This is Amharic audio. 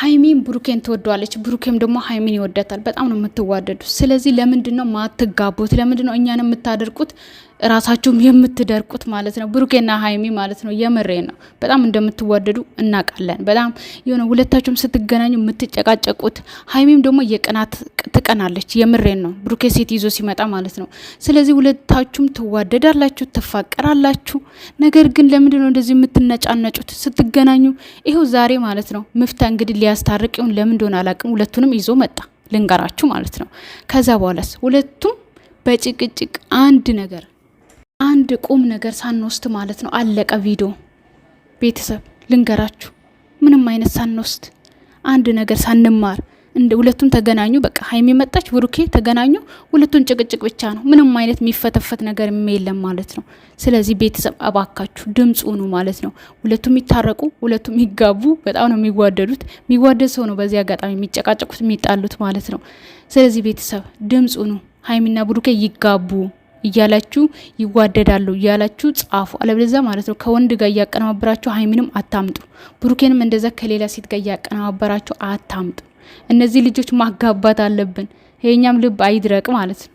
ሀይሚን ብሩኬን ትወደዋለች፣ ብሩኬም ደግሞ ሀይሚን ይወዳታል። በጣም ነው የምትዋደዱ። ስለዚህ ለምንድን ነው ማትጋቡት? ለምንድን ነው እኛን የምታደርቁት? ራሳችሁም የምትደርቁት ማለት ነው። ብሩኬና ሀይሚ ማለት ነው። የምሬ ነው። በጣም እንደምትዋደዱ እናውቃለን። በጣም የሆነ ሁለታችሁም ስትገናኙ የምትጨቃጨቁት፣ ሀይሚም ደግሞ የቅናት ትቀናለች። የምሬን ነው ብሩኬ ሴት ይዞ ሲመጣ ማለት ነው። ስለዚህ ሁለታችሁም ትዋደዳላችሁ፣ ትፋቀራላችሁ። ነገር ግን ለምንድን ነው እንደዚህ የምትነጫነጩት ስትገናኙ? ይኸው ዛሬ ማለት ነው ምፍታ እንግዲህ ሊያስታርቅ ይሁን ለምን እንደሆነ አላቅም፣ ሁለቱንም ይዞ መጣ ልንገራችሁ ማለት ነው። ከዛ በኋላስ ሁለቱም በጭቅጭቅ አንድ ነገር አንድ ቁም ነገር ሳንወስድ ማለት ነው አለቀ ቪዲዮ። ቤተሰብ ልንገራችሁ ምንም አይነት ሳንወስድ አንድ ነገር ሳንማር እንደ ሁለቱም ተገናኙ። በቃ ሀይሚ መጣች፣ ብሩኬ ተገናኙ። ሁለቱም ጭቅጭቅ ብቻ ነው። ምንም አይነት የሚፈተፈት ነገር የለም ማለት ነው። ስለዚህ ቤተሰብ አባካችሁ ድምፁ ኑ ማለት ነው። ሁለቱም የሚታረቁ ሁለቱም የሚጋቡ በጣም ነው የሚዋደዱት። የሚዋደድ ሰው ነው በዚህ አጋጣሚ የሚጨቃጨቁት የሚጣሉት ማለት ነው። ስለዚህ ቤተሰብ ድምፁ ኑ፣ ሀይሚና ብሩኬ ይጋቡ እያላችሁ ይዋደዳሉ እያላችሁ ጻፉ። አለበለዚያ ማለት ነው ከወንድ ጋር እያቀነባበራችሁ ሀይሚንም አታምጡ፣ ብሩኬንም እንደዛ ከሌላ ሴት ጋር እያቀነባበራችሁ አታምጡ። እነዚህ ልጆች ማጋባት አለብን። ይሄኛም ልብ አይድረቅ ማለት ነው።